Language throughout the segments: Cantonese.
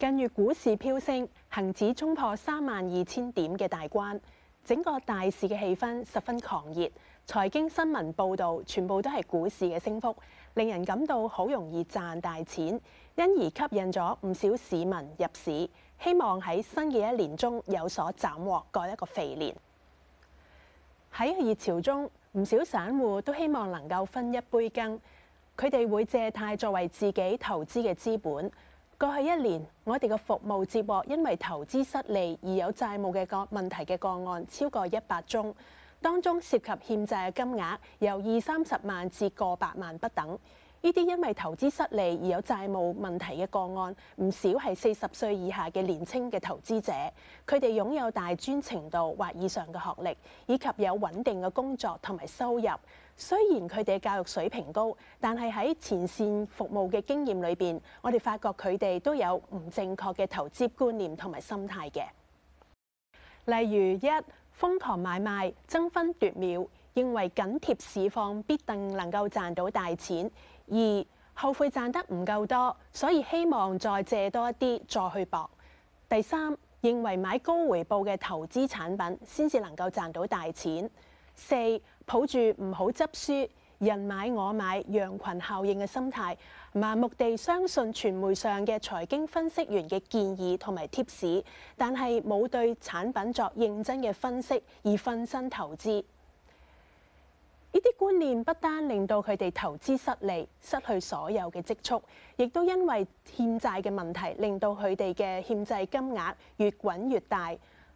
近月股市飆升，恒指衝破三萬二千點嘅大關，整個大市嘅氣氛十分狂熱。財經新聞報導全部都係股市嘅升幅，令人感到好容易賺大錢，因而吸引咗唔少市民入市，希望喺新嘅一年中有所斬獲，過一個肥年。喺熱潮中，唔少散戶都希望能夠分一杯羹，佢哋會借貸作為自己投資嘅資本。過去一年，我哋嘅服務接獲因為投資失利而有債務嘅個問題嘅個案超過一百宗，當中涉及欠債嘅金額由二三十萬至過百萬不等。呢啲因為投資失利而有債務問題嘅個案，唔少係四十歲以下嘅年輕嘅投資者。佢哋擁有大專程度或以上嘅學歷，以及有穩定嘅工作同埋收入。雖然佢哋嘅教育水平高，但係喺前線服務嘅經驗裏面，我哋發覺佢哋都有唔正確嘅投資觀念同埋心態嘅。例如一、瘋狂買賣、爭分奪秒。認為緊貼市況必定能夠賺到大錢；二、後悔賺得唔夠多，所以希望再借多一啲再去博；第三、認為買高回報嘅投資產品先至能夠賺到大錢；四、抱住唔好執輸，人買我買羊群效應嘅心態，盲目地相信傳媒上嘅財經分析員嘅建議同埋 tips，但係冇對產品作認真嘅分析而分身投資。呢啲觀念不單令到佢哋投資失利，失去所有嘅積蓄，亦都因為欠債嘅問題，令到佢哋嘅欠債金額越滾越大。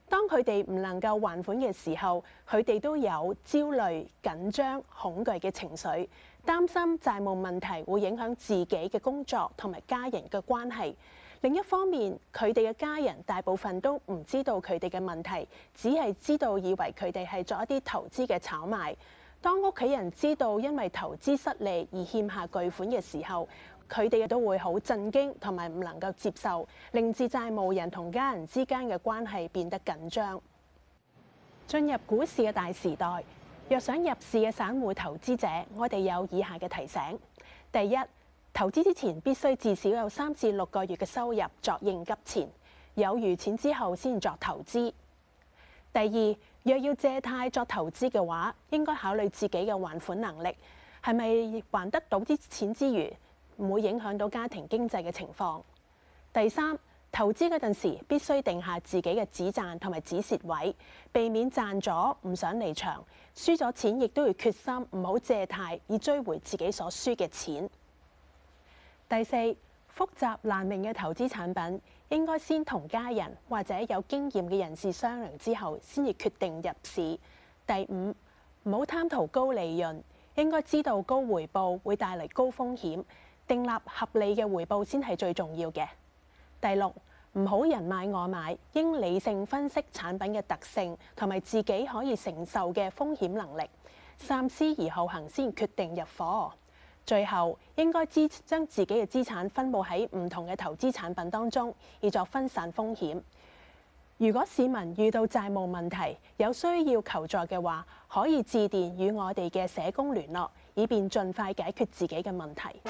當佢哋唔能夠還款嘅時候，佢哋都有焦慮、緊張、恐懼嘅情緒，擔心債務問題會影響自己嘅工作同埋家人嘅關係。另一方面，佢哋嘅家人大部分都唔知道佢哋嘅問題，只係知道以為佢哋係做一啲投資嘅炒賣。當屋企人知道因為投資失利而欠下巨款嘅時候，佢哋亦都會好震驚同埋唔能夠接受，令至債務人同家人之間嘅關係變得緊張。進入股市嘅大時代，若想入市嘅散戶投資者，我哋有以下嘅提醒：第一，投資之前必須至少有三至六個月嘅收入作應急錢，有餘錢之後先作投資。第二，若要借貸作投資嘅話，應該考慮自己嘅還款能力，係咪還得到啲錢之餘，唔會影響到家庭經濟嘅情況。第三，投資嗰陣時必須定下自己嘅止賺同埋止蝕位，避免賺咗唔想離場，輸咗錢亦都要決心唔好借貸以追回自己所輸嘅錢。第四。複雜難明嘅投資產品，應該先同家人或者有經驗嘅人士商量之後，先至決定入市。第五，唔好貪圖高利潤，應該知道高回報會帶嚟高風險，訂立合理嘅回報先係最重要嘅。第六，唔好人買我買，應理性分析產品嘅特性同埋自己可以承受嘅風險能力，三思而後行先決定入貨。最後應該資將自己嘅資產分佈喺唔同嘅投資產品當中，以作分散風險。如果市民遇到債務問題，有需要求助嘅話，可以致電與我哋嘅社工聯絡，以便盡快解決自己嘅問題。